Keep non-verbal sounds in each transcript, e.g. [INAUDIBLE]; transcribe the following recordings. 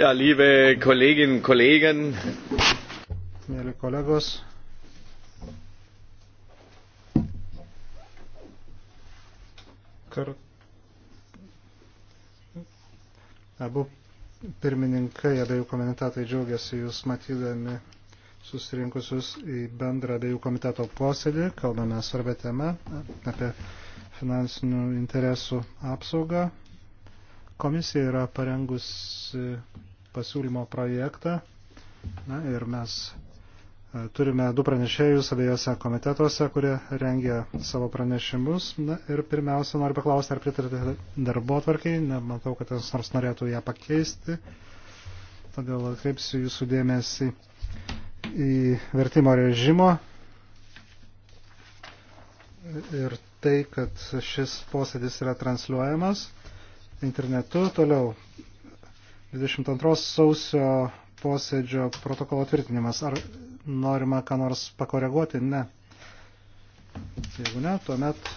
Ja, liebe Kolleginnen und Kollegen. Mėly kolegos. Kar... Abu pirmininkai, abiejų komentatai džiaugiasi jūs matydami susirinkusius į bendrą abiejų komiteto posėdį. Kalbame svarbę temą apie finansinių interesų apsaugą. Komisija yra parengusi pasiūlymo projektą. Na, ir mes e, turime du pranešėjus abiejose komitetuose, kurie rengia savo pranešimus. Na, ir pirmiausia, noriu paklausti, ar pritarite darbo tvarkiai. Nematau, kad kas nors norėtų ją pakeisti. Todėl atkreipsiu jūsų dėmesį į vertimo režimo. Ir tai, kad šis posėdis yra transliuojamas internetu. Toliau 22 sausio posėdžio protokolo tvirtinimas. Ar norima ką nors pakoreguoti? Ne. Jeigu ne, tuomet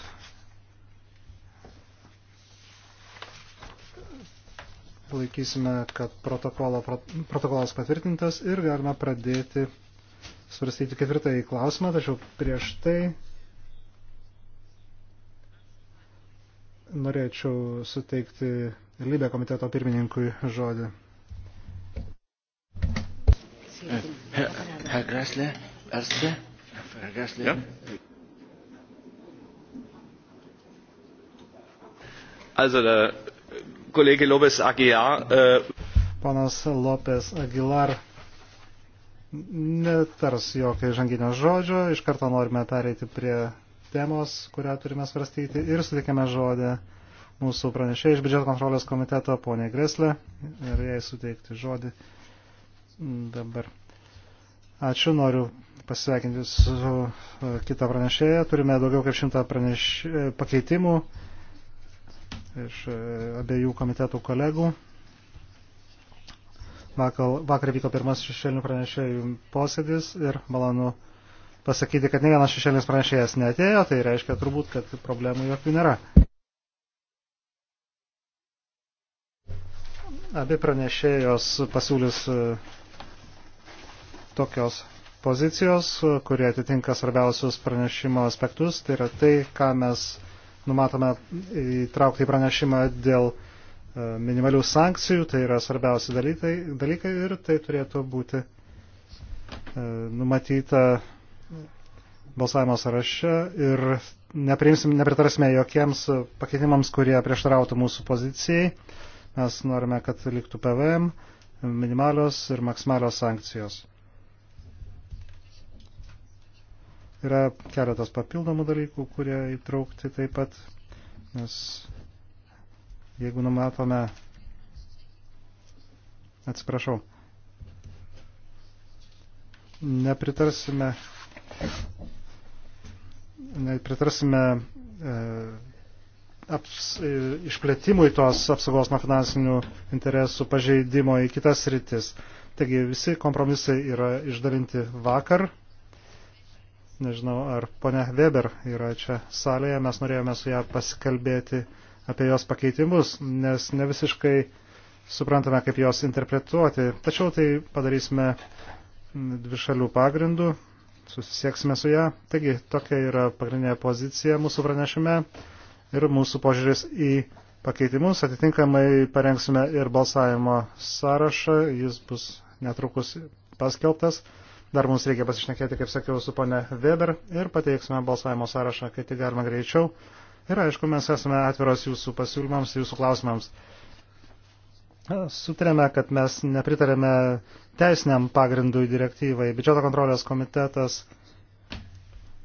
laikysime, kad protokolas patvirtintas ir galime pradėti svarstyti ketvirtąjį klausimą, tačiau prieš tai norėčiau suteikti Lybė komiteto pirmininkui žodį. Eh, Herr Grasle, Erste, Herr Grasle. Ja. Also der Kollege Lopez Aguilar. Äh Panas Lopez Aguilar netars jokio žanginio žodžio, iš karto norime pereiti prie temos, kurią turime svarstyti ir sutikime žodę mūsų pranešėjai iš biudžeto kontrolės komiteto, ponė Greslė, ir jai suteikti žodį dabar. Ačiū, noriu pasveikinti su kita pranešėja. Turime daugiau kaip šimtą praneš... pakeitimų iš e, abiejų komitetų kolegų. Vakar, vakar vyko pirmas šešėlinių pranešėjų posėdis ir malonu pasakyti, kad ne vienas šešėlinis pranešėjas netėjo, tai reiškia turbūt, kad problemų jokių nėra. Abi pranešėjos pasiūlys e, tokios pozicijos, kurie atitinka svarbiausius pranešimo aspektus. Tai yra tai, ką mes numatome įtraukti į pranešimą dėl e, minimalių sankcijų, tai yra svarbiausi dalykai, dalykai ir tai turėtų būti e, numatyta balsavimo sąraše ir nepritarsime jokiems pakeitimams, kurie prieštarautų mūsų pozicijai. Mes norime, kad liktų PVM, minimalios ir maksimalios sankcijos. Yra keletas papildomų dalykų, kurie įtraukti taip pat, nes jeigu numatome, atsiprašau, nepritarsime Pritarsime e, aps, e, išplėtimui tos apsaugos nuo finansinių interesų pažeidimo į kitas rytis. Taigi visi kompromisai yra išdalinti vakar. Nežinau, ar ponia Weber yra čia salėje. Mes norėjome su ją pasikalbėti apie jos pakeitimus, nes ne visiškai suprantame, kaip jos interpretuoti. Tačiau tai padarysime dvišalių pagrindų susisieksime su ją. Taigi, tokia yra pagrindinė pozicija mūsų pranešime ir mūsų požiūris į pakeitimus. Atitinkamai parengsime ir balsavimo sąrašą, jis bus netrukus paskelbtas. Dar mums reikia pasišnekėti, kaip sakiau, su ponė Weber ir pateiksime balsavimo sąrašą, kai tik galima greičiau. Ir aišku, mes esame atviros jūsų pasiūlymams, jūsų klausimams. Sutarėme, kad mes nepritarėme teisiniam pagrindui direktyvai. Biudžeto kontrolės komitetas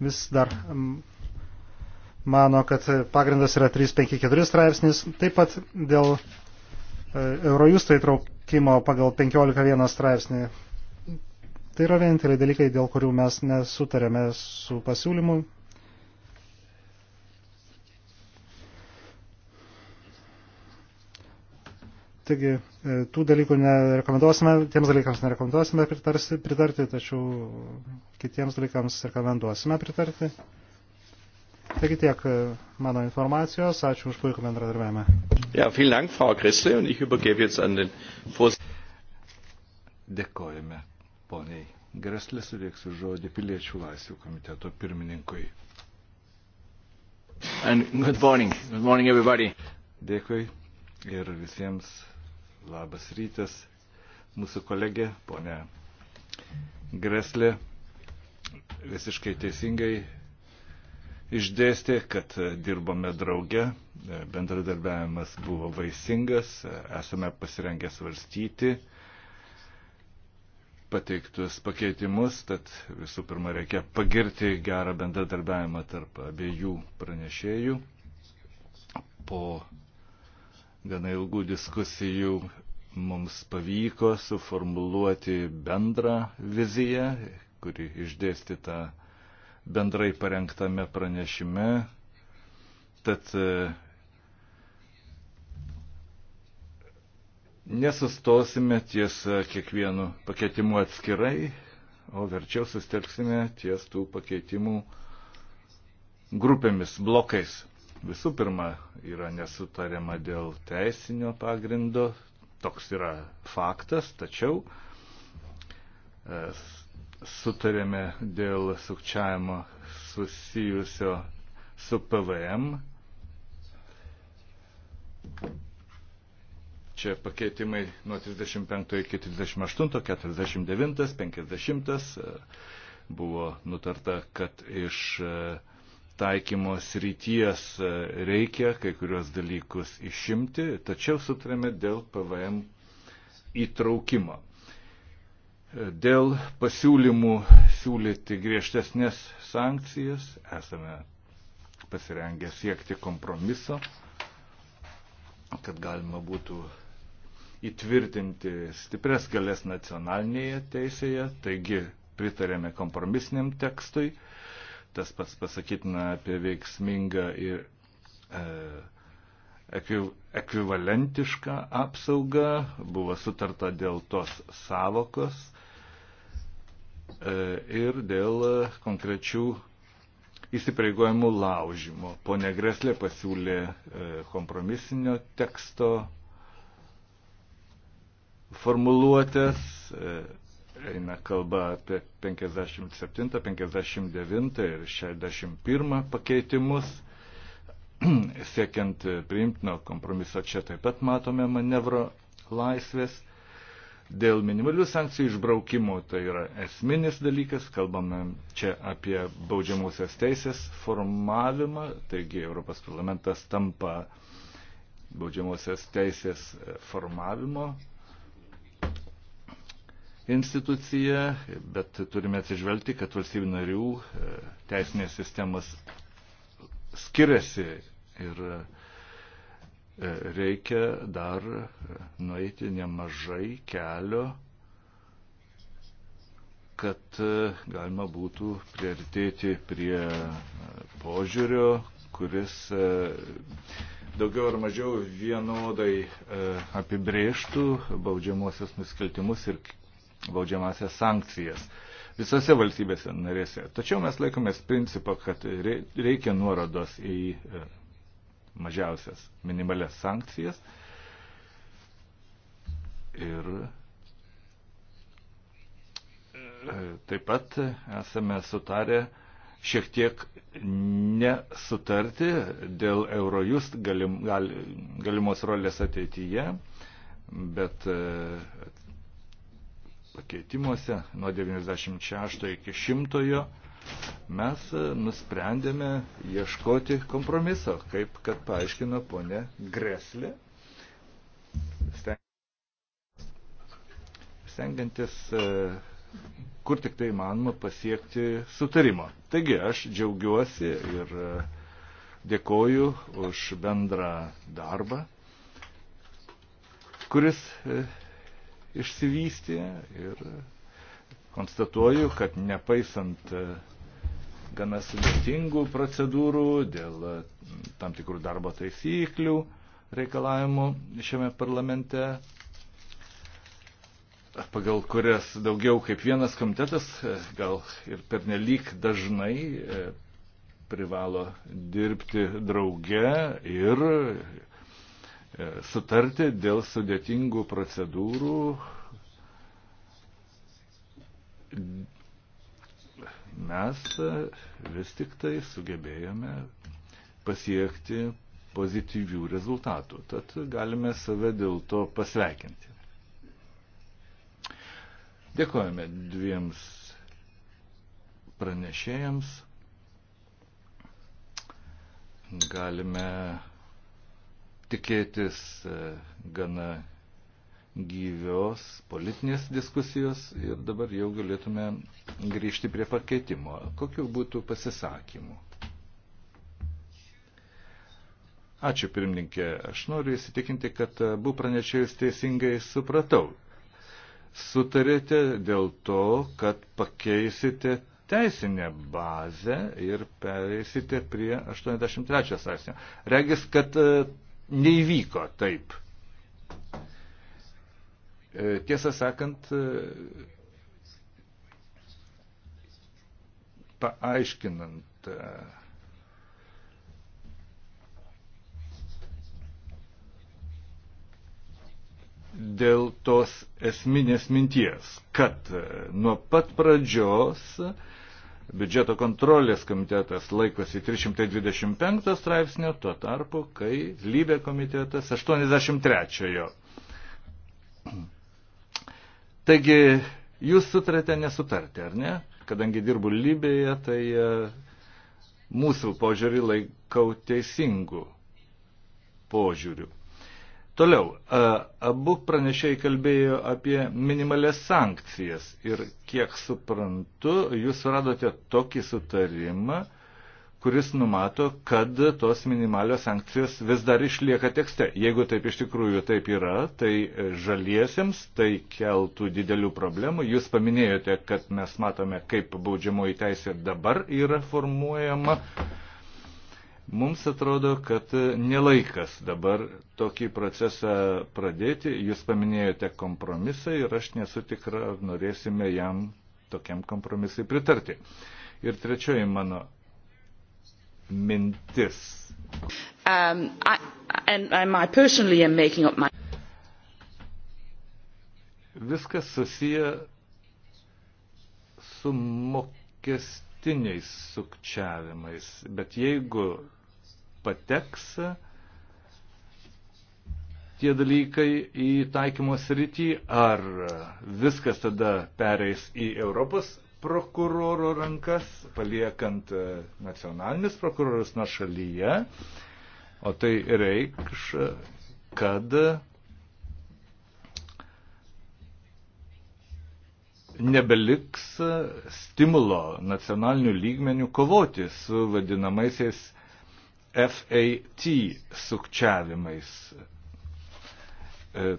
vis dar mano, kad pagrindas yra 354 straipsnis. Taip pat dėl e, Eurojusto įtraukimo pagal 15.1 straipsnį. Tai yra vieninteliai dalykai, dėl kurių mes nesutarėme su pasiūlymu Taigi, e, tų dalykų nerekomenduosime, tiems dalykams nerekomenduosime pritarsi, pritarti, tačiau kitiems dalykams rekomenduosime pritarti. Taigi tiek e, mano informacijos. Ačiū už puikų bendradarbiavimą. Ja, vielen Dank, Frau Kressle, und ich übergebe jetzt an den Vors. Dėkojame, poniai. Greslė sudėksiu žodį piliečių laisvių komiteto pirmininkui. And good morning. Good morning, everybody. Dėkui ir visiems Labas rytas, mūsų kolegė, ponė Greslė, visiškai teisingai išdėstė, kad dirbome drauge, bendradarbiavimas buvo vaisingas, esame pasirengę svarstyti pateiktus pakeitimus, tad visų pirma reikia pagirti gerą bendradarbiavimą tarp abiejų pranešėjų. Po gana ilgų diskusijų mums pavyko suformuluoti bendrą viziją, kuri išdėstyta bendrai parengtame pranešime. Tad e, nesustosime ties e, kiekvienu pakeitimu atskirai, o verčiau sustelksime ties tų pakeitimų grupėmis, blokais. Visų pirma, yra nesutariama dėl teisinio pagrindo, toks yra faktas, tačiau e, sutarėme dėl sukčiavimo susijusio su PVM. Čia pakeitimai nuo 35 iki 38, 49, 50 buvo nutarta, kad iš e, taikymos ryties e, reikia kai kurios dalykus išimti, tačiau sutarėme dėl PVM įtraukimo. E, dėl pasiūlymų siūlyti griežtesnės sankcijas esame pasirengę siekti kompromiso, kad galima būtų įtvirtinti stipres galės nacionalinėje teisėje, taigi pritarėme kompromisiniam tekstui. Tas pats pasakytina apie veiksmingą ir e, ekvivalentišką apsaugą. Buvo sutarta dėl tos savokos e, ir dėl konkrečių įsipareigojimų laužimo. Pone Greslė pasiūlė e, kompromisinio teksto formuluotės. E, eina kalba apie 57, 59 ir 61 pakeitimus. [CLEARS THROAT] Siekiant priimtino kompromiso čia taip pat matome manevro laisvės. Dėl minimalių sankcijų išbraukimo tai yra esminis dalykas, kalbame čia apie baudžiamusias teisės formavimą, taigi Europos parlamentas tampa baudžiamosios teisės formavimo institucija, bet turime atsižvelgti, kad valstybių narių e, teisinės sistemas skiriasi ir e, reikia dar e, nueiti nemažai kelio, kad galima būtų priartėti prie požiūrio, kuris daugiau ar mažiau vienodai apibrėžtų baudžiamosios nusikaltimus ir baudžiamasias sankcijas visose valstybėse narėse. Tačiau mes laikomės principą, kad reikia nuorodos į e, mažiausias minimalias sankcijas ir e, taip pat esame sutarę šiek tiek nesutarti dėl Eurojust galim, gal, galimos rolės ateityje, bet e, pakeitimuose nuo 96 iki 100 mes e, nusprendėme ieškoti kompromiso, kaip kad paaiškino ponė Greslė, stengiantis e, kur tik tai manoma pasiekti sutarimo. Taigi aš džiaugiuosi ir e, dėkoju už bendrą darbą, kuris išsivystė ir konstatuoju, kad nepaisant e, gana sudėtingų procedūrų dėl e, tam tikrų darbo taisyklių reikalavimų šiame parlamente, pagal kurias daugiau kaip vienas komitetas e, gal ir pernelyg dažnai privalo dirbti drauge ir E, sutarti dėl sudėtingų procedūrų. Mes vis tik tai sugebėjome pasiekti pozityvių rezultatų, tad galime save dėl to pasveikinti. Dėkojame dviems pranešėjams. Galime tikėtis e, gana gyvios politinės diskusijos ir dabar jau galėtume grįžti prie pakeitimo. Kokiu būtų pasisakymu? Ačiū pirmininkė, aš noriu įsitikinti, kad abu pranešėjus teisingai supratau. Sutarėte dėl to, kad pakeisite teisinę bazę ir pereisite prie 83 straipsnio. Regis, kad e, neįvyko taip. E, tiesą sakant, e, paaiškinant e, dėl tos esminės minties, kad nuo pat pradžios uh, biudžeto kontrolės komitetas laikosi 325 straipsnio, tuo tarpu, kai lybė komitetas 83-ojo. Taigi, jūs sutarėte nesutarti, ar ne? Kadangi dirbu lybėje, tai e, mūsų požiūrį laikau teisingų požiūrių. Toliau, abu pranešėjai kalbėjo apie minimalės sankcijas ir kiek suprantu, jūs radote tokį sutarimą, kuris numato, kad tos minimalios sankcijos vis dar išlieka tekste. Jeigu taip iš tikrųjų taip yra, tai žaliesiems tai keltų didelių problemų. Jūs paminėjote, kad mes matome, kaip baudžiamoji teisė dabar yra formuojama. Mhm Mums atrodo, kad nelaikas dabar tokį procesą pradėti. Jūs paminėjote kompromisą ir aš nesu tikra, ar norėsime jam tokiam kompromisai pritarti. Ir trečioji mano mintis. Um, I, and, and I personally am making up my... Viskas susiję su mokestiniais sukčiavimais, bet jeigu pateks tie dalykai į taikymo sritį, ar viskas tada pereis į Europos prokuroro rankas, paliekant nacionalinius prokurorus nuo šalyje, o tai reikš, kad nebeliks stimulo nacionalinių lygmenių kovoti su vadinamaisiais FAT sukčiavimais. E, e,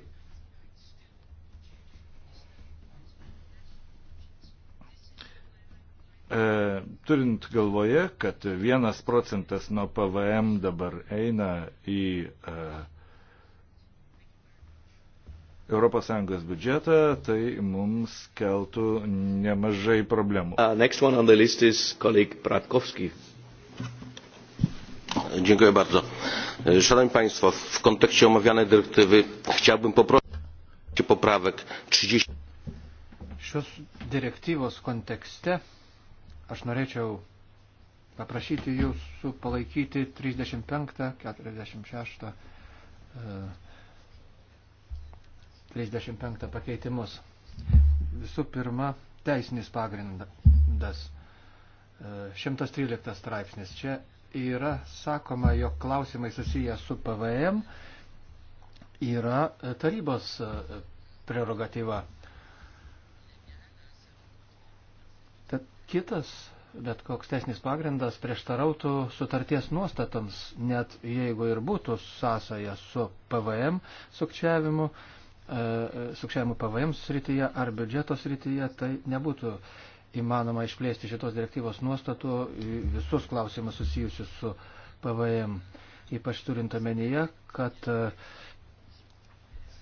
turint galvoje, kad vienas procentas nuo PVM dabar eina į ES biudžetą, tai mums keltų nemažai problemų. Uh, Dziękuję bardzo. Szanowni Państwo, w kontekście omawianej dyrektywy chciałbym poprosić o poprawek 30. Šios direktyvos kontekste aš norėčiau paprašyti jūsų palaikyti 35, 46, 35 pakeitimus. Visų pirma, teisinis pagrindas. 113 e, straipsnis. Čia yra sakoma, jog klausimai susiję su PVM yra e, tarybos e, prerogatyva. Tad kitas bet koks teisinis pagrindas prieštarautų sutarties nuostatams, net jeigu ir būtų sąsaja su PVM sukčiavimu, e, sukčiavimu PVM srityje ar biudžeto srityje, tai nebūtų įmanoma išplėsti šitos direktyvos nuostatų visus klausimus susijusius su PVM, ypač turint omenyje, kad e,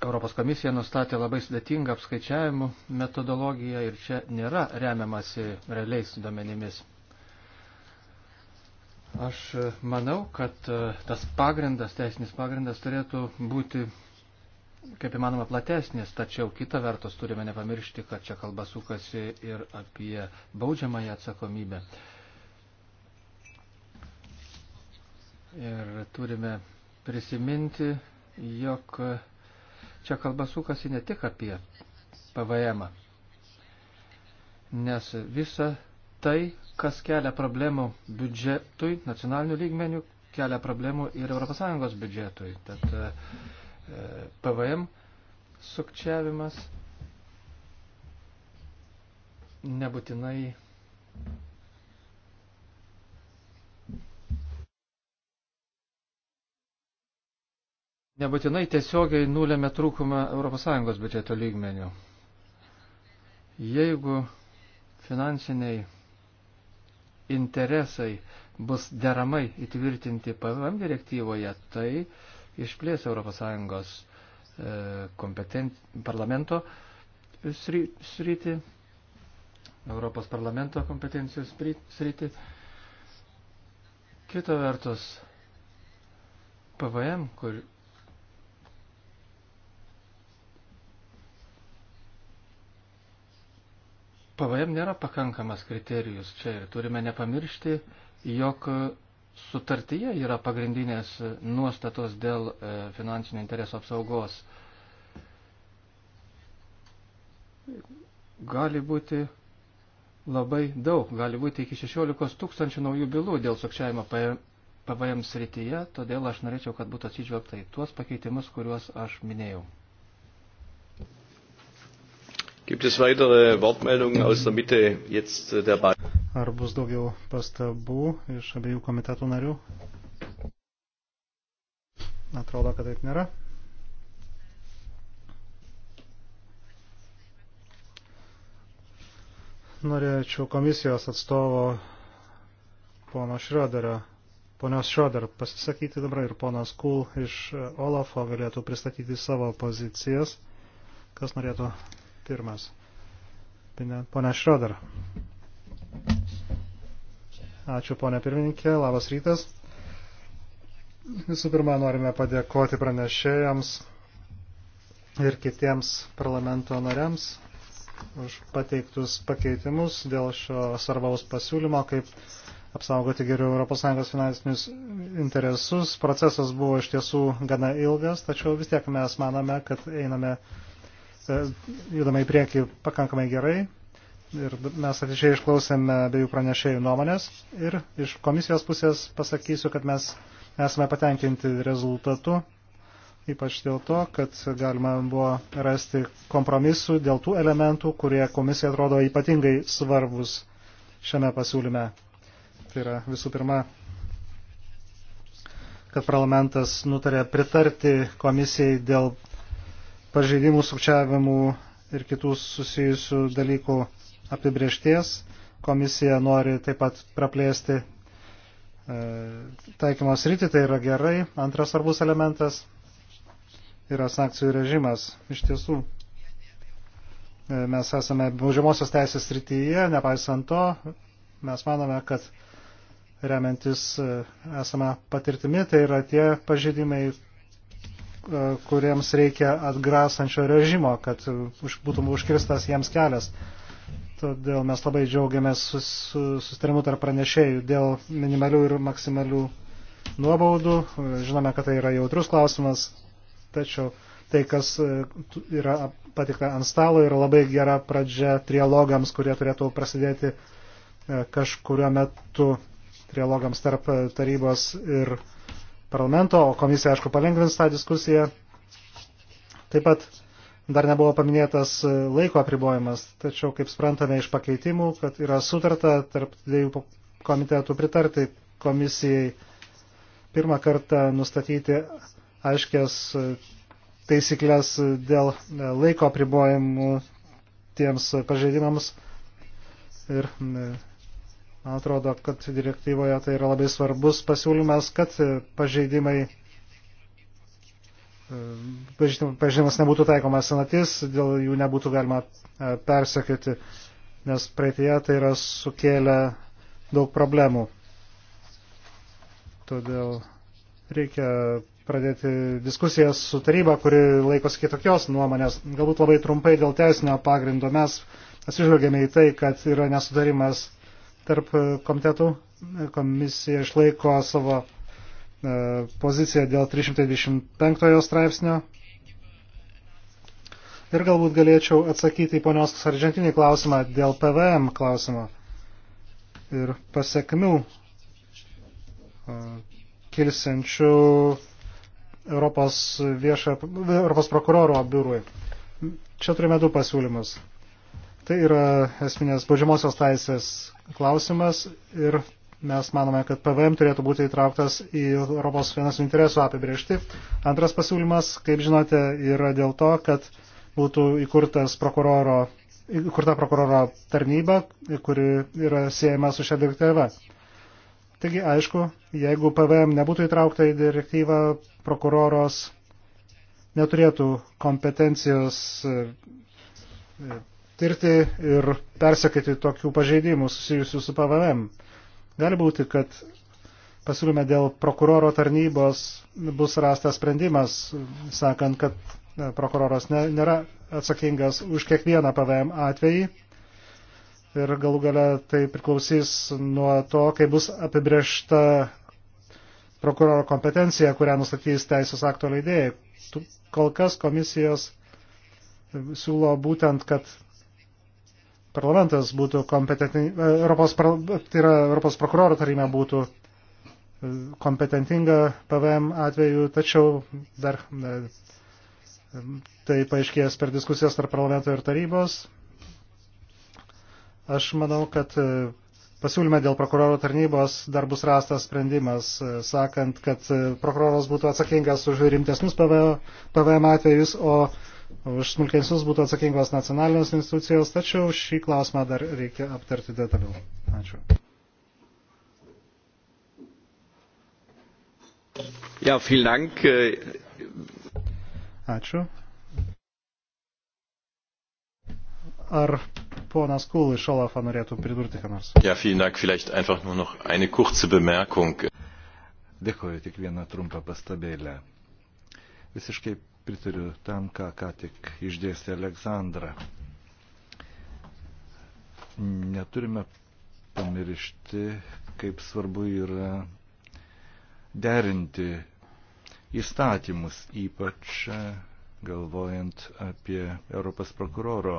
Europos komisija nustatė labai sudėtingą apskaičiavimų metodologiją ir čia nėra remiamasi realiais duomenimis. Aš e, manau, kad e, tas pagrindas, teisinis pagrindas turėtų būti kaip įmanoma platesnis, tačiau kita vertus turime nepamiršti, kad čia kalba sukasi ir apie baudžiamąją atsakomybę. Ir turime prisiminti, jog čia kalba sukasi ne tik apie PVM, nes visa tai, kas kelia problemų biudžetui, nacionalinių lygmenių, kelia problemų ir ES biudžetui. Tad, uh, PVM sukčiavimas nebūtinai nebūtinai tiesiogiai nulėmė trūkumą ES biudžeto lygmenių. Jeigu finansiniai interesai bus deramai įtvirtinti PVM direktyvoje, tai išplės ES e, kompetent, parlamento sritį, Europos parlamento kompetencijos sritį. Kita vertus, PVM, kur, PVM nėra pakankamas kriterijus čia ir turime nepamiršti, jog sutartyje yra pagrindinės nuostatos dėl e, finansinio interesų apsaugos. Gali būti labai daug, gali būti iki 16 tūkstančių naujų bylų dėl sukčiavimo PVM srityje, todėl aš norėčiau, kad būtų atsižvelgta į tuos pakeitimus, kuriuos aš minėjau. Gibt es weitere Wortmeldungen aus der Mitte jetzt äh, der beiden? Ar bus daugiau pastabų iš abiejų komitetų narių? Atrodo, kad taip nėra. Norėčiau komisijos atstovo pono Šrioderio, ponios Šrioder pasisakyti dabar ir ponas Kul iš Olafo galėtų pristatyti savo pozicijas. Kas norėtų pirmas? Pone Šrioder. Ačiū, ponė pirmininkė. Labas rytas. Visų pirma, norime padėkoti pranešėjams ir kitiems parlamento nariams už pateiktus pakeitimus dėl šio svarbaus pasiūlymo, kaip apsaugoti geriau ES finansinius interesus. Procesas buvo iš tiesų gana ilgas, tačiau vis tiek mes manome, kad einame, e, judame į priekį pakankamai gerai ir mes atidžiai išklausėme abiejų pranešėjų nuomonės ir iš komisijos pusės pasakysiu, kad mes esame patenkinti rezultatu, ypač dėl to, kad galima buvo rasti kompromisų dėl tų elementų, kurie komisija atrodo ypatingai svarbus šiame pasiūlyme. Tai yra visų pirma, kad parlamentas nutarė pritarti komisijai dėl pažeidimų, sukčiavimų ir kitų susijusių dalykų apibriešties. Komisija nori taip pat praplėsti e, taikymos rytį, tai yra gerai. Antras svarbus elementas yra sankcijų režimas. Iš tiesų, e, mes esame baudžiamosios teisės rytyje, nepaisant to, mes manome, kad remiantis e, esame patirtimi, tai yra tie pažydimai, kuriems reikia atgrasančio režimo, kad būtų užkirstas jiems kelias. Todėl mes labai džiaugiamės sus, sustarimu tarp pranešėjų dėl minimalių ir maksimalių nuobaudų. Žinome, kad tai yra jautrus klausimas, tačiau tai, kas e, yra patikta ant stalo, yra labai gera pradžia trialogams, kurie turėtų prasidėti e, kažkurio metu trialogams tarp e, tarybos ir parlamento, o komisija, aišku, palengvins tą diskusiją. Taip pat Dar nebuvo paminėtas e, laiko apribojimas, tačiau, kaip sprantame iš pakeitimų, kad yra sutarta tarp dviejų komitetų pritarti komisijai pirmą kartą nustatyti aiškias e, taisyklės dėl e, laiko apribojimų tiems pažeidimams. Ir man atrodo, kad direktyvoje tai yra labai svarbus pasiūlymas, kad pažeidimai pažymas nebūtų taikomas senatis, dėl jų nebūtų galima e, persekioti, nes praeitie tai yra sukėlę daug problemų. Todėl reikia pradėti diskusijas su taryba, kuri laikosi kitokios nuomonės. Galbūt labai trumpai dėl teisinio pagrindo mes atsižvelgėme į tai, kad yra nesudarimas tarp komitetų. Komisija išlaiko savo E, poziciją dėl 325 straipsnio. Ir galbūt galėčiau atsakyti į ponios Sargentinį klausimą dėl PVM klausimo ir pasiekmių e, kilsiančių Europos, viešą, Europos prokuroro biurui. Čia turime du pasiūlymus. Tai yra esminės baudžiamosios teisės klausimas ir mes manome, kad PVM turėtų būti įtrauktas į Europos finansinių interesų apibriežti. Antras pasiūlymas, kaip žinote, yra dėl to, kad būtų įkurtas prokuroro, įkurta prokuroro tarnyba, kuri yra siejama su šia direktyva. Taigi, aišku, jeigu PVM nebūtų įtraukta į direktyvą, prokuroros neturėtų kompetencijos e, e, tirti ir persekyti tokių pažeidimų susijusių su PVM. Gali būti, kad pasiūlyme dėl prokuroro tarnybos bus rastas sprendimas, sakant, kad e, prokuroras ne, nėra atsakingas už kiekvieną PVM atvejį ir galų gale tai priklausys nuo to, kai bus apibriešta prokuroro kompetencija, kurią nustatys teisės akto leidėjai. Kol kas komisijos siūlo būtent, kad parlamentas būtų kompetentinga, Europos, tai yra Europos prokuroro taryba būtų e, kompetentinga PVM atveju, tačiau dar e, tai paaiškės per diskusijas tarp parlamento ir tarybos. Aš manau, kad e, pasiūlyme dėl prokuroro tarnybos dar bus rastas sprendimas, sakant, kad prokuroras būtų atsakingas už rimtesnius PVM atvejus, o Už smulkensius būtų atsakingos nacionalinės institucijos, tačiau šį klausimą dar reikia aptarti detaliau. Ačiū. Ja, vielen Dank. Äh, Ačiū. Ar ponas Kul iš Olafą norėtų pridurti ką nors? Ja, vielen Dank. Vielleicht einfach nur noch eine kurze Bemerkung. Dėkoju, tik vieną trumpą pastabėlę. Visiškai pritariu tam, ką ką tik išdėstė Aleksandra. Neturime pamiršti, kaip svarbu yra derinti įstatymus, ypač galvojant apie Europos prokuroro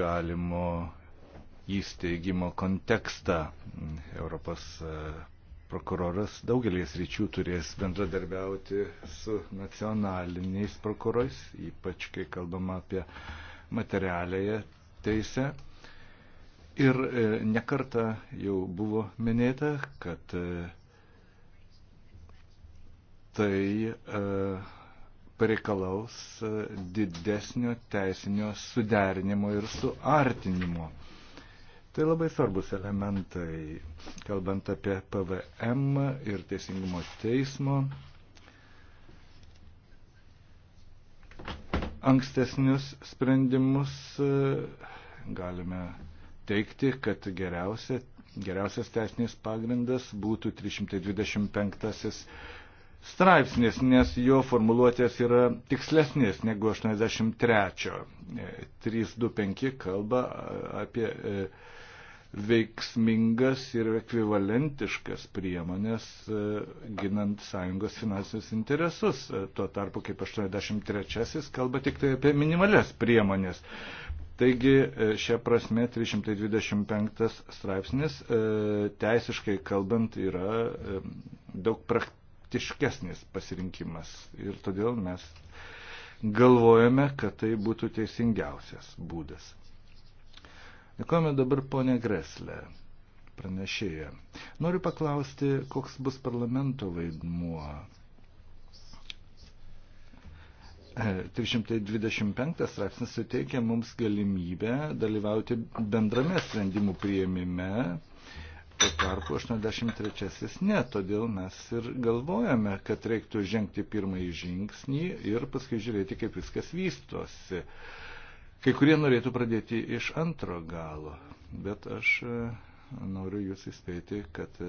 galimo įsteigimo kontekstą. Europos prokuroras daugelės ryčių turės bendradarbiauti su nacionaliniais prokurorais, ypač kai kalbama apie materialėje teisę. Ir e, nekarta jau buvo minėta, kad e, tai e, pareikalaus didesnio teisinio suderinimo ir suartinimo. Tai labai svarbus elementai, kalbant apie PVM ir teisingumo teismo ankstesnius sprendimus e, galime teikti, kad geriausia, geriausias teisinis pagrindas būtų 325 straipsnis, nes jo formuluotės yra tikslesnės negu 83. 325 e, kalba apie e, veiksmingas ir ekvivalentiškas priemonės e, ginant sąjungos finansinius interesus. E, tuo tarpu kaip 83-asis kalba tik tai apie minimales priemonės. Taigi e, šią prasme 325 straipsnis teisiškai kalbant yra daug praktiškesnis pasirinkimas ir todėl mes galvojame, kad tai būtų teisingiausias būdas. Dėkojame dabar ponė Greslė, pranešėja. Noriu paklausti, koks bus parlamento vaidmuo. 325 e, straipsnis suteikia mums galimybę dalyvauti bendrame sprendimų prieimime, tuo tarpu 83-asis ne, todėl mes ir galvojame, kad reiktų žengti pirmąjį žingsnį ir paskui žiūrėti, kaip viskas vystosi. Kai kurie norėtų pradėti iš antro galo, bet aš e, noriu jūs įspėti, kad e,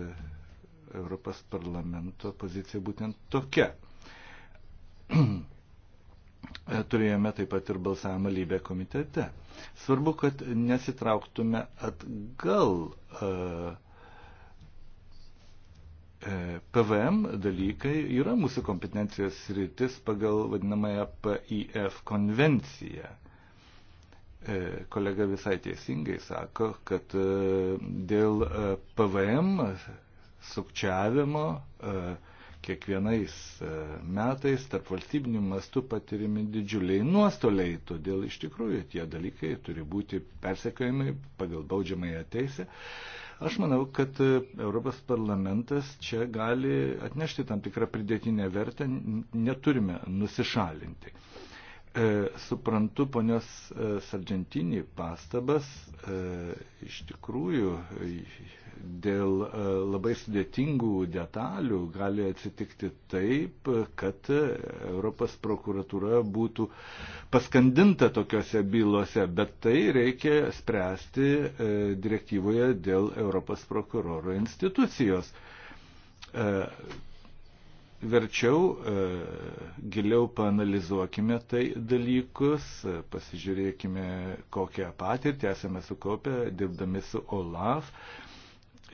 Europos parlamento pozicija būtent tokia. [CLEARS THROAT] E, turėjome taip pat ir balsavimą lybę komitete. Svarbu, kad nesitrauktume atgal. PVM dalykai yra mūsų kompetencijos rytis pagal vadinamąją PIF konvenciją. E, kolega visai teisingai sako, kad e, dėl e, PVM sukčiavimo kiekvienais metais tarp valstybinių mastų patirimi didžiuliai nuostoliai, todėl iš tikrųjų tie dalykai turi būti persekiojami pagal baudžiamąją teisę. Aš manau, kad Europos parlamentas čia gali atnešti tam tikrą pridėtinę vertę, neturime nusišalinti e, suprantu ponios e, Sargentinį pastabas, e, iš tikrųjų dėl e, labai sudėtingų detalių gali atsitikti taip, kad Europos prokuratūra būtų paskandinta tokiuose bylose, bet tai reikia spręsti e, direktyvoje dėl Europos prokuroro institucijos. E, Verčiau e, giliau panalizuokime tai dalykus, e, pasižiūrėkime, kokią patirtį esame sukaupę, dirbdami su OLAF.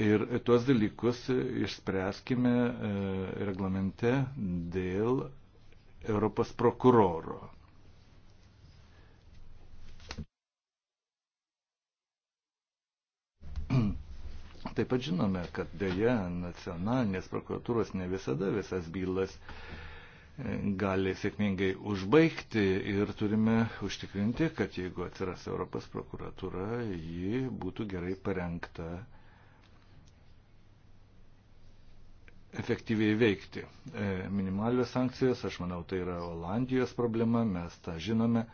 Ir tuos dalykus išspręskime e, reglamente dėl Europos prokuroro. Taip pat žinome, kad dėja nacionalinės prokuratūros ne visada visas bylas e, gali sėkmingai užbaigti ir turime užtikrinti, kad jeigu atsiras Europos prokuratūra, ji būtų gerai parengta efektyviai veikti. E, minimalios sankcijos, aš manau, tai yra Olandijos problema, mes tą žinome.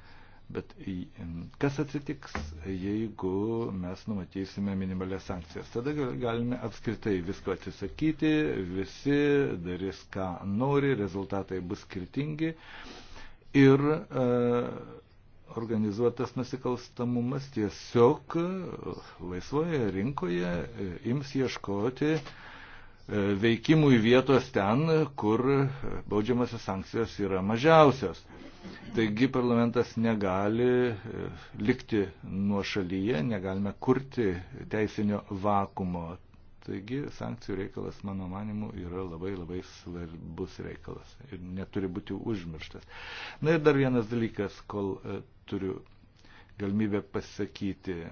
Bet kas atsitiks, jeigu mes numatysime minimalės sankcijas? Tada galime apskritai visko atsisakyti, visi darys, ką nori, rezultatai bus skirtingi ir e, organizuotas nusikalstamumas tiesiog laisvoje rinkoje e, ims ieškoti e, E, veikimui vietos ten, kur baudžiamasis sankcijos yra mažiausios. Taigi parlamentas negali e, likti nuo šalyje, negalime kurti teisinio vakumo. Taigi sankcijų reikalas, mano manimu, yra labai labai svarbus reikalas ir neturi būti užmirštas. Na ir dar vienas dalykas, kol e, turiu galimybę pasakyti.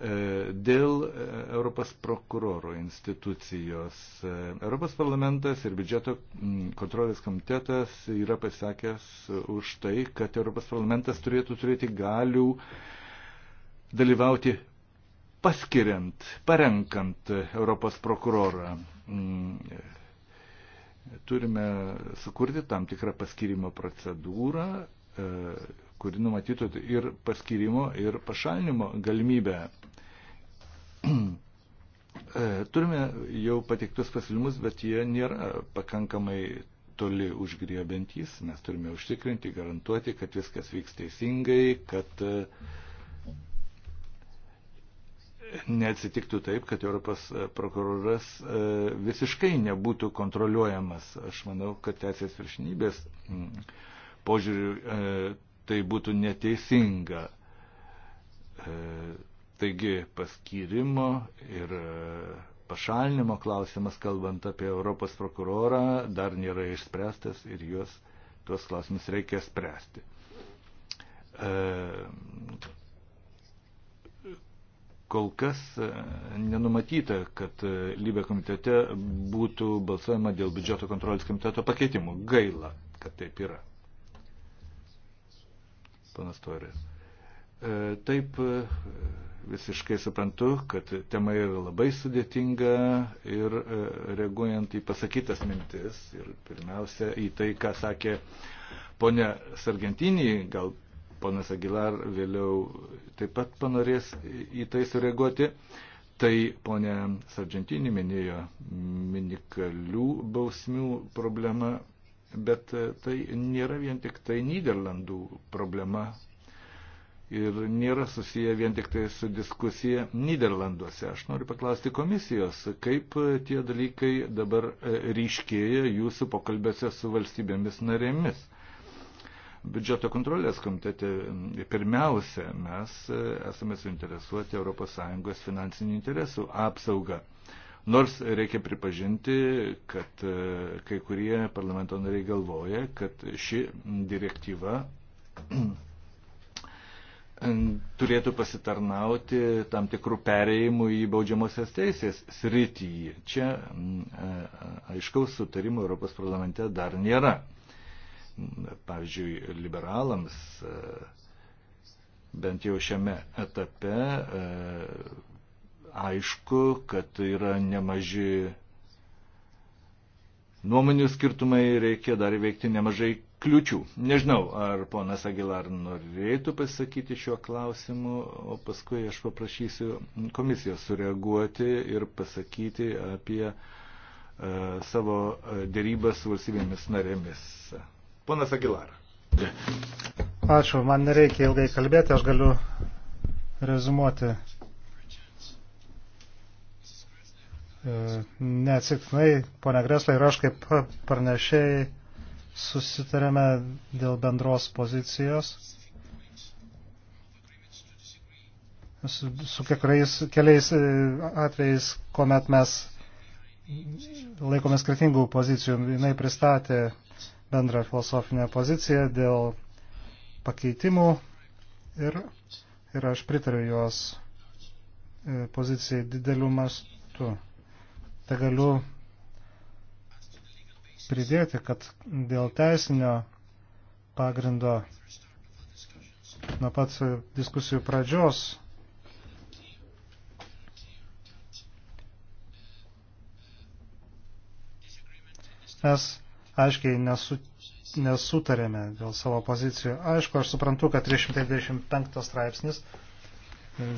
E, dėl e, Europos prokuroro institucijos e, Europos parlamentas ir biudžeto kontrolės komitetas yra pasakęs už tai, kad Europos parlamentas turėtų turėti galių dalyvauti paskiriant, parenkant Europos prokurorą. Mm, turime sukurti tam tikrą paskirimo procedūrą, kuri numatytų ir paskirimo, ir pašalinimo galimybę. [CLEARS THROAT] E, turime jau pateiktus pasiūlymus, bet jie nėra pakankamai toli užgriebentys. Mes turime užtikrinti, garantuoti, kad viskas vyks teisingai, kad e, neatsitiktų taip, kad Europos e, prokuroras visiškai nebūtų kontroliuojamas. Aš manau, kad teisės viršinybės požiūriu tai būtų neteisinga Taigi paskyrimo ir e, pašalinimo klausimas, kalbant apie Europos prokurorą, dar nėra išspręstas ir juos, tuos klausimus reikia spręsti. E, kol kas e, nenumatyta, kad e, lybė komitete būtų balsuojama dėl biudžeto kontrolės komiteto pakeitimų. Gaila, kad taip yra. Panas Torės. E, taip e, visiškai suprantu, kad tema yra labai sudėtinga ir e, reaguojant į pasakytas mintis ir pirmiausia į tai, ką sakė ponia Sargentinį, gal ponas Agilar vėliau taip pat panorės į tai sureaguoti. Tai ponia Sargentinį minėjo minikalių bausmių problema, bet tai nėra vien tik tai Niderlandų problema ir nėra susiję vien tik tai su diskusija Niderlanduose. Aš noriu paklausti komisijos, kaip tie dalykai dabar e, ryškėja jūsų pokalbėse su valstybėmis narėmis. Biudžeto kontrolės komitete pirmiausia mes e, esame suinteresuoti ES finansinių interesų apsaugą. Nors reikia pripažinti, kad e, kai kurie parlamento nariai galvoja, kad ši direktyva turėtų pasitarnauti tam tikrų perėjimų į baudžiamosios teisės srityje. Čia mm, aiškaus sutarimo Europos parlamente dar nėra. Pavyzdžiui, liberalams bent jau šiame etape aišku, kad yra nemaži nuomonių skirtumai, reikia dar veikti nemažai kliučių. Nežinau, ar ponas Agilar norėtų pasakyti šiuo klausimu, o paskui aš paprašysiu komisijos sureaguoti ir pasakyti apie e, savo e, dėrybą su valstybėmis narėmis. Ponas Agilar. Ačiū, man nereikia ilgai kalbėti, aš galiu rezumuoti. E, Neatsitiktinai, ponia Greslai, ir aš kaip pranešėjai susitarėme dėl bendros pozicijos su, su kiekvienais keliais e, atvejais, kuomet mes laikomės skirtingų pozicijų. Jinai pristatė bendrą filosofinę poziciją dėl pakeitimų ir, ir aš pritariu jos e, pozicijai dideliu mastu. Tai galiu pridėti, kad dėl teisinio pagrindo nuo pat diskusijų pradžios mes aiškiai nesu, nesutarėme dėl savo pozicijų. Aišku, aš suprantu, kad 325 straipsnis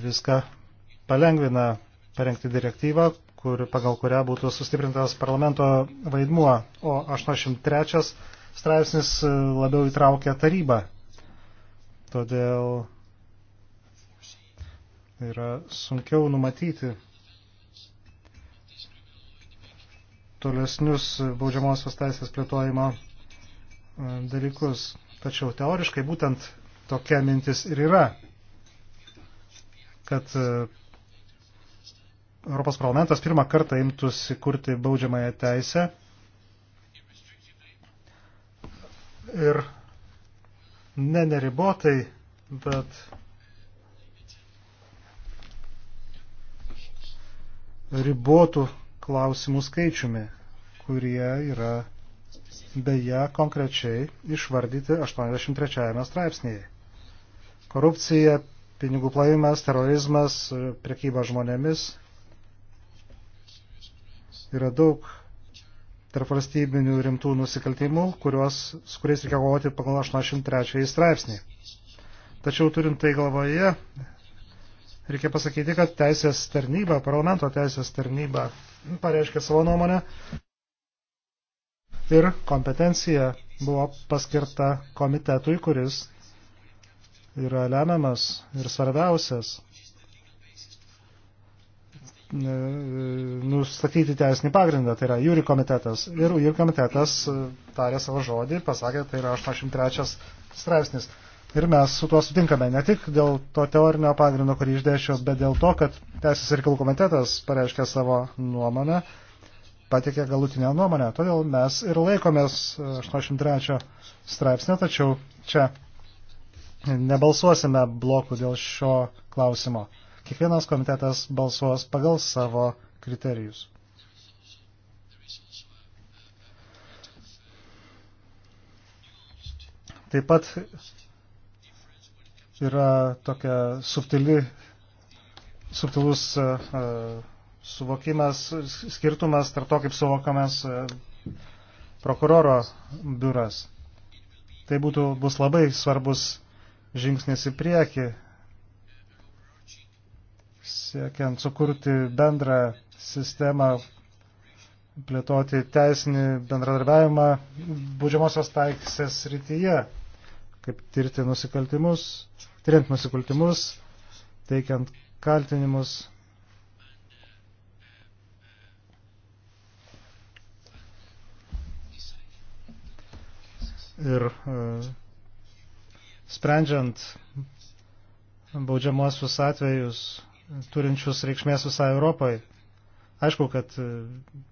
viską palengvina parengti direktyvą, kur, pagal kurią būtų sustiprintas parlamento vaidmuo, o 83 straipsnis e, labiau įtraukia tarybą. Todėl yra sunkiau numatyti tolesnius baudžiamosios teisės plėtojimo e, dalykus. Tačiau teoriškai būtent tokia mintis ir yra, kad e, Europos parlamentas pirmą kartą imtųsi kurti baudžiamąją teisę ir ne neribotai, bet ribotų klausimų skaičiumi, kurie yra beje konkrečiai išvardyti 83 straipsnėje. Korupcija, pinigų plavimas, terorizmas, prekyba žmonėmis Yra daug tarp valstybinių rimtų nusikaltimų, kuriuos, su kuriais reikia kovoti pagal 83 straipsnį. Tačiau turint tai galvoje, reikia pasakyti, kad teisės tarnyba, parlamento teisės tarnyba pareiškė savo nuomonę ir kompetencija buvo paskirta komitetui, kuris yra lemiamas ir svarbiausias E, nustatyti teisinį pagrindą, tai yra jūri komitetas. Ir jūri komitetas e, tarė savo žodį, pasakė, tai yra 83 straipsnis. Ir mes su tuo sutinkame ne tik dėl to teorinio pagrindo, kurį išdėšiau, bet dėl to, kad Teisės reikalų komitetas pareiškė savo nuomonę, patikė galutinę nuomonę. Todėl mes ir laikomės 83 straipsnio, tačiau čia nebalsuosime blokų dėl šio klausimo. Kiekvienas komitetas balsuos pagal savo kriterijus. Taip pat yra tokia subtili, subtilus uh, suvokimas, skirtumas tarp to, kaip suvokamas uh, prokuroro biuras. Tai būtų, bus labai svarbus žingsnis į priekį siekiant sukurti bendrą sistemą, plėtoti teisinį bendradarbiavimą būdžiamosios taiksės rytyje, kaip tirti nusikaltimus, tiriant nusikaltimus, teikiant kaltinimus. Ir e, sprendžiant baudžiamosius atvejus turinčius reikšmės visai Europai. Aišku, kad e,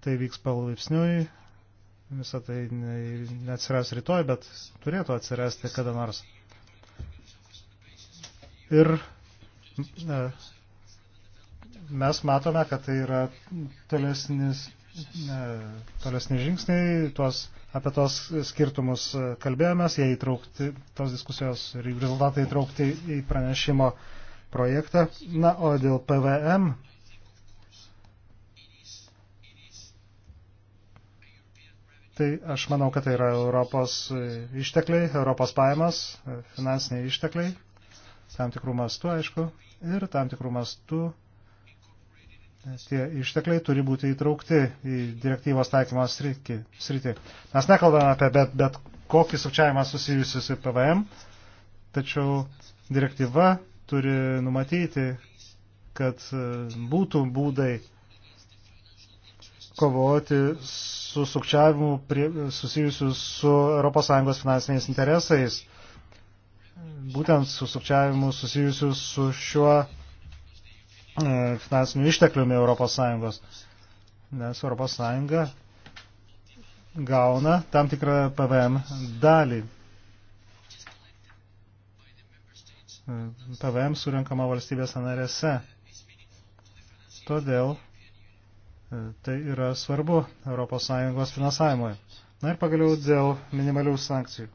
tai vyks palaipsniui, visą tai neatsiras rytoj, bet turėtų atsirasti kada nors. Ir ne, mes matome, kad tai yra tolesnis, ne, tolesnis žingsniai, tuos, apie tos skirtumus e, kalbėjomės, jie įtraukti, tos diskusijos ir rezultatai įtraukti į pranešimo uh, projektą. Na, o dėl PVM. Tai aš manau, kad tai yra Europos ištekliai, Europos pajamos, finansiniai ištekliai, tam tikrų mastų, aišku, ir tam tikrų mastų tie ištekliai turi būti įtraukti į direktyvos taikymo sritį. Mes nekalbame apie bet, bet kokį sukčiavimą susijusiu su PVM, tačiau direktyva turi numatyti, kad e, būtų būdai kovoti su sukčiavimu prie, susijusiu su ES finansiniais interesais, būtent su sukčiavimu susijusiu su šiuo e, finansiniu ištekliumi ES. Nes ES gauna tam tikrą PVM dalį. PVM surinkama valstybės narėse. Todėl e, tai yra svarbu ES finansavimui. Na ir pagaliau dėl minimalių sankcijų.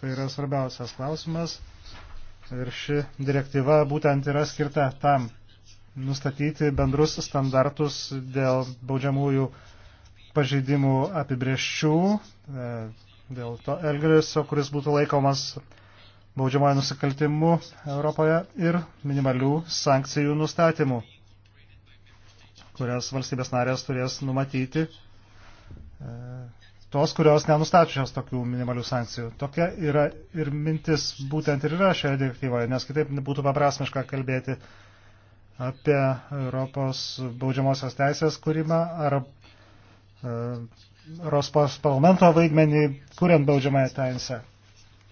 Tai yra svarbiausias klausimas ir ši direktyva būtent yra skirta tam nustatyti bendrus standartus dėl baudžiamųjų pažeidimų apibrieščių, e, dėl to elgesio, kuris būtų laikomas baudžiamojo nusikaltimu Europoje ir minimalių sankcijų nustatymų, kurias valstybės narės turės numatyti e, tos, kurios nenustačiusios tokių minimalių sankcijų. Tokia yra ir mintis būtent ir yra šioje direktyvoje, nes kitaip būtų paprasmiška kalbėti apie Europos baudžiamosios teisės kūrimą ar e, Europos parlamento vaidmenį, kuriant baudžiamąją teisę.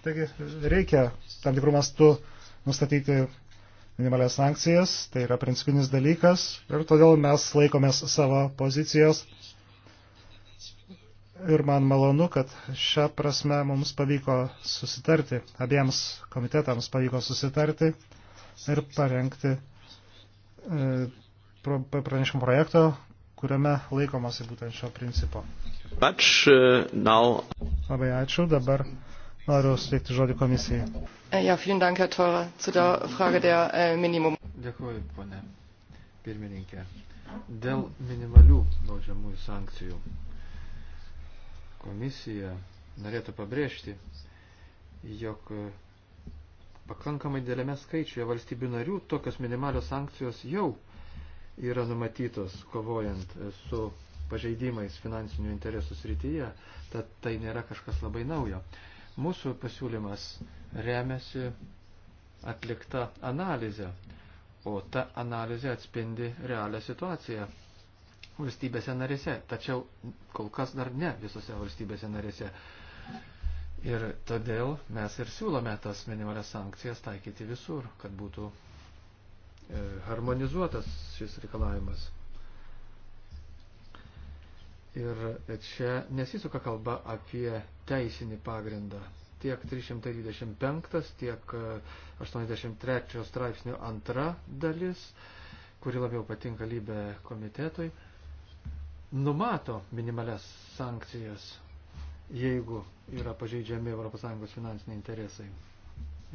Taigi reikia tam tikrų mastų nustatyti minimalias sankcijas, tai yra principinis dalykas ir todėl mes laikomės savo pozicijos. Ir man malonu, kad šią prasme mums pavyko susitarti, abiems komitetams pavyko susitarti ir parengti e, pranešimo projekto, kuriame laikomasi būtent šio principo. Ačiū. Uh, Labai ačiū. Dabar Noriu suteikti žodį komisijai. Ja, vielen Dank, Herr Teurer, zu der Frage der äh, Minimum. Dėkuoju, ponė pirmininkė. Dėl minimalių baudžiamųjų sankcijų komisija norėtų pabrėžti, jog e, pakankamai dėlėme skaičiuje valstybių narių tokios minimalios sankcijos jau yra numatytos kovojant e, su pažeidimais finansinių interesų srityje, tad tai nėra kažkas labai naujo. Mūsų pasiūlymas remiasi atlikta analizė, o ta analizė atspindi realią situaciją valstybėse narėse, tačiau kol kas dar ne visose valstybėse narėse. Ir todėl mes ir siūlome tas minimalias sankcijas taikyti visur, kad būtų e, harmonizuotas šis reikalavimas. Ir čia nesisuka kalba apie teisinį pagrindą. Tiek 325, tiek 83 e, straipsnio antra dalis, kuri labiau patinka lybė komitetui, numato minimales sankcijas, jeigu yra pažeidžiami ES finansiniai interesai,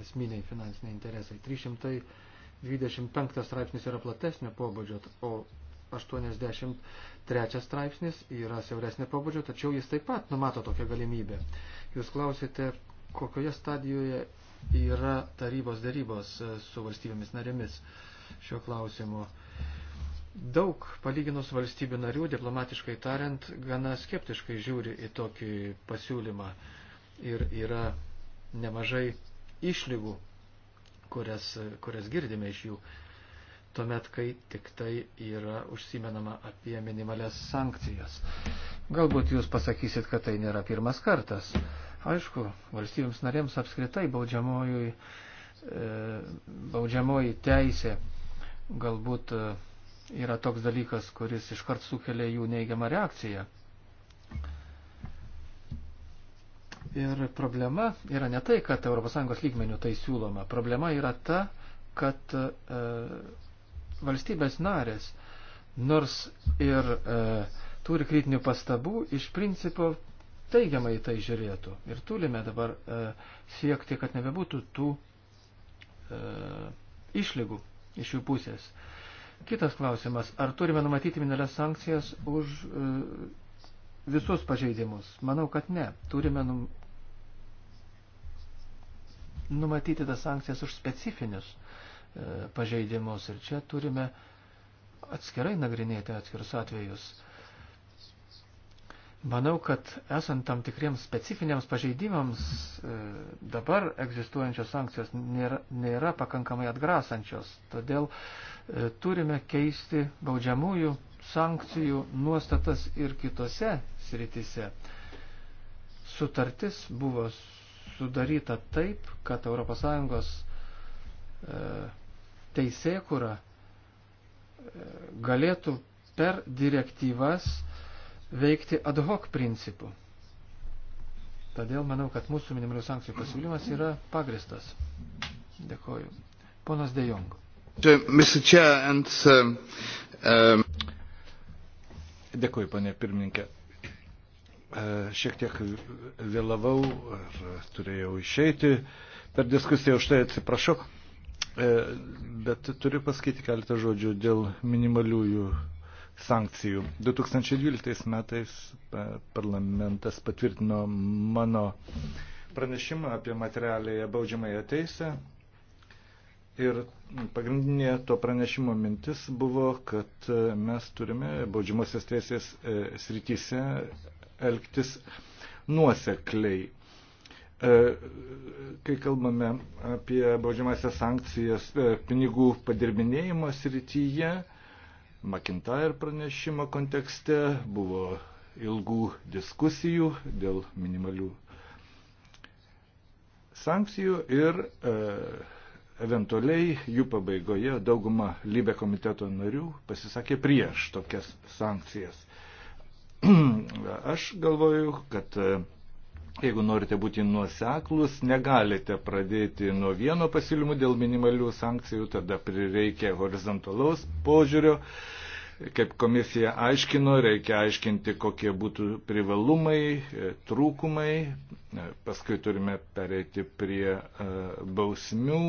esminiai finansiniai interesai. 325 straipsnis yra platesnio pobūdžio, o 83 straipsnis yra siauresnė pobūdžio, tačiau jis taip pat numato tokią galimybę. Jūs klausite, kokioje stadijoje yra tarybos darybos e, su valstybėmis narėmis šio klausimu. Daug palyginus valstybių narių, diplomatiškai tariant, gana skeptiškai žiūri į tokį pasiūlymą ir yra nemažai išlygų, kurias, kurias girdime iš jų tuomet, kai tik tai yra užsimenama apie minimalės sankcijas. Galbūt jūs pasakysit, kad tai nėra pirmas kartas. Aišku, valstybėms narėms apskritai baudžiamojui, e, baudžiamoji teisė galbūt e, yra toks dalykas, kuris iškart sukelia jų neigiamą reakciją. Ir problema yra ne tai, kad ES lygmenių tai siūloma. Problema yra ta, kad e, valstybės narės, nors ir e, turi kritinių pastabų, iš principo teigiamai tai žiūrėtų. Ir turime dabar e, siekti, kad nebebūtų tų e, išlygų iš jų pusės. Kitas klausimas, ar turime numatyti minelės sankcijas už e, visus pažeidimus? Manau, kad ne. Turime num, numatyti tas sankcijas už specifinius E, pažeidimus. Ir čia turime atskirai nagrinėti atskirus atvejus. Manau, kad esant tam tikriems specifiniams pažeidimams, e, dabar egzistuojančios sankcijos nėra, nėra pakankamai atgrasančios. Todėl e, turime keisti baudžiamųjų sankcijų nuostatas ir kitose sritise. Sutartis buvo sudaryta taip, kad ES teisėkura e, galėtų per direktyvas veikti ad hoc principu. Todėl manau, kad mūsų minimalių sankcijų pasiūlymas yra pagristas. Dėkoju. Ponas De Jong. Um, um, Dėkoju, panė pirmininkė. E, šiek tiek vėlavau, turėjau išeiti per diskusiją, už tai atsiprašau. E, bet turiu pasakyti keletą žodžių dėl minimaliųjų sankcijų. 2012 metais e, parlamentas patvirtino mano pranešimą apie materialėje baudžiamąją teisę. Ir pagrindinė to pranešimo mintis buvo, kad e, mes turime baudžiamosios teisės srityse elgtis nuosekliai. E, kai kalbame apie baudžiamąsias sankcijas e, pinigų padirbinėjimo srityje, McIntyre pranešimo kontekste buvo ilgų diskusijų dėl minimalių sankcijų ir e, eventualiai jų pabaigoje dauguma lybė komiteto narių pasisakė prieš tokias sankcijas. [CLEARS THROAT] Aš galvoju, kad e, Jeigu norite būti nuoseklus, negalite pradėti nuo vieno pasiūlymų dėl minimalių sankcijų, tada prireikia horizontalaus požiūrio. Kaip komisija aiškino, reikia aiškinti, kokie būtų privalumai, e, trūkumai. E, paskui turime pereiti prie e, bausmių.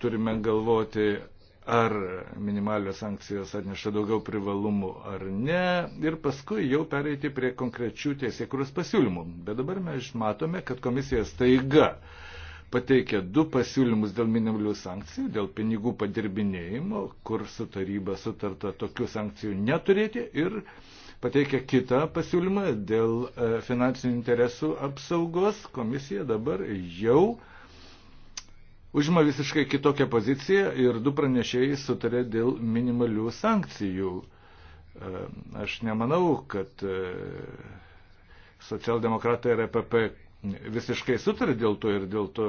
Turime galvoti ar minimalios sankcijos atneša daugiau privalumų ar ne, ir paskui jau pereiti prie konkrečių teisėkuros pasiūlymų. Bet dabar mes matome, kad komisija staiga pateikė du pasiūlymus dėl minimalių sankcijų, dėl pinigų padirbinėjimo, kur su taryba sutarta tokių sankcijų neturėti, ir pateikė kitą pasiūlymą dėl e, finansinių interesų apsaugos. Komisija dabar jau uh, užima visiškai kitokią poziciją ir du pranešėjai sutarė dėl minimalių sankcijų. E, aš nemanau, kad e, socialdemokratai ir EPP visiškai sutarė dėl to ir dėl to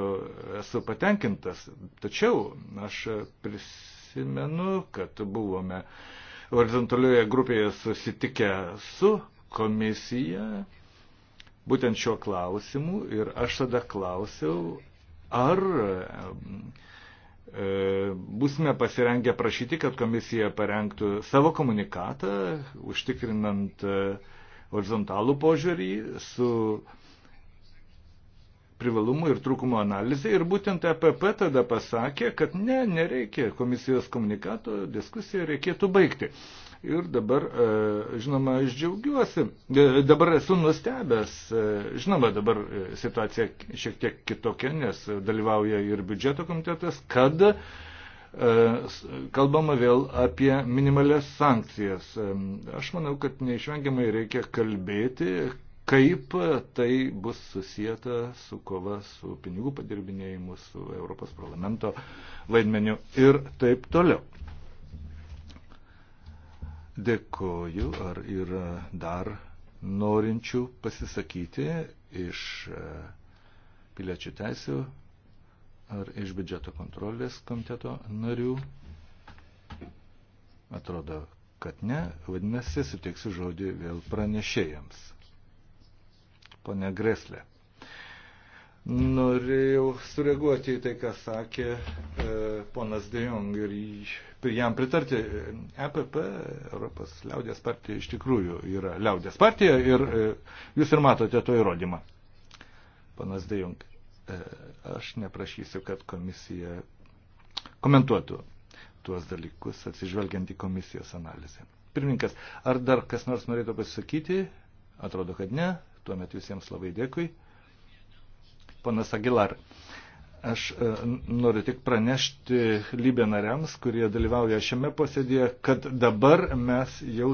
esu patenkintas. Tačiau aš prisimenu, kad buvome horizontalioje grupėje susitikę su komisija būtent šiuo klausimu ir aš tada klausiau, ar e, būsime pasirengę prašyti, kad komisija parengtų savo komunikatą, užtikrinant e, horizontalų požiūrį su privalumų ir trūkumų analizė. Ir būtent EPP tada pasakė, kad ne, nereikia komisijos komunikato, diskusiją reikėtų baigti. Ir dabar, e, žinoma, aš džiaugiuosi. E, dabar esu nustebęs. E, žinoma, dabar situacija šiek tiek kitokia, nes dalyvauja ir biudžeto komitetas, kad kalbama vėl apie minimalias sankcijas. Aš manau, kad neišvengiamai reikia kalbėti, kaip tai bus susijęta su kova su pinigų padirbinėjimu, su Europos parlamento vaidmeniu ir taip toliau. Dėkoju. Ar yra dar norinčių pasisakyti iš e, piliečių teisų ar iš biudžeto kontrolės komiteto narių? Atrodo, kad ne. Vadinasi, suteiksiu žodį vėl pranešėjams. Pone Greslė. Norėjau sureaguoti į tai, ką sakė e, ponas Dejong ir jam pritarti. EPP, Europos liaudės partija, iš tikrųjų yra liaudės partija ir e, jūs ir matote to įrodymą. Ponas Dejong, e, aš neprašysiu, kad komisija komentuotų tuos dalykus, atsižvelgiant į komisijos analizę. Pirmininkas, ar dar kas nors norėtų pasisakyti? Atrodo, kad ne. Tuomet visiems labai dėkui. Ponas Agilar, aš e, noriu tik pranešti lybė nariams, kurie dalyvauja šiame posėdėje, kad dabar mes jau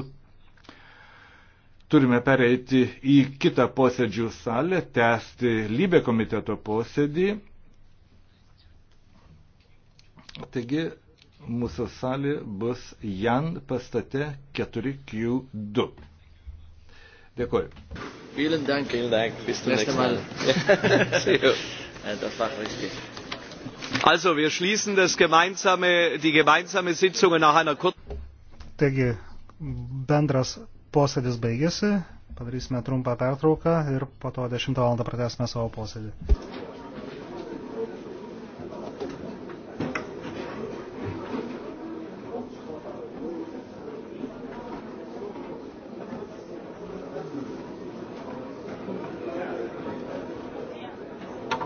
turime pereiti į kitą posėdžių salę, tęsti lybė komiteto posėdį. Taigi mūsų salė bus Jan pastate 4Q2. Dėkuoju. Vielen Dank. Vielen Dank. Bis zum nächsten Mal. [LAUGHS] [LAUGHS] das war richtig. Also, wir schließen das gemeinsame, die gemeinsame Sitzung nach einer kurzen. Taigi, bendras posėdis baigėsi, padarysime trumpą pertrauką ir po to 10 val. pratęsime savo posėdį.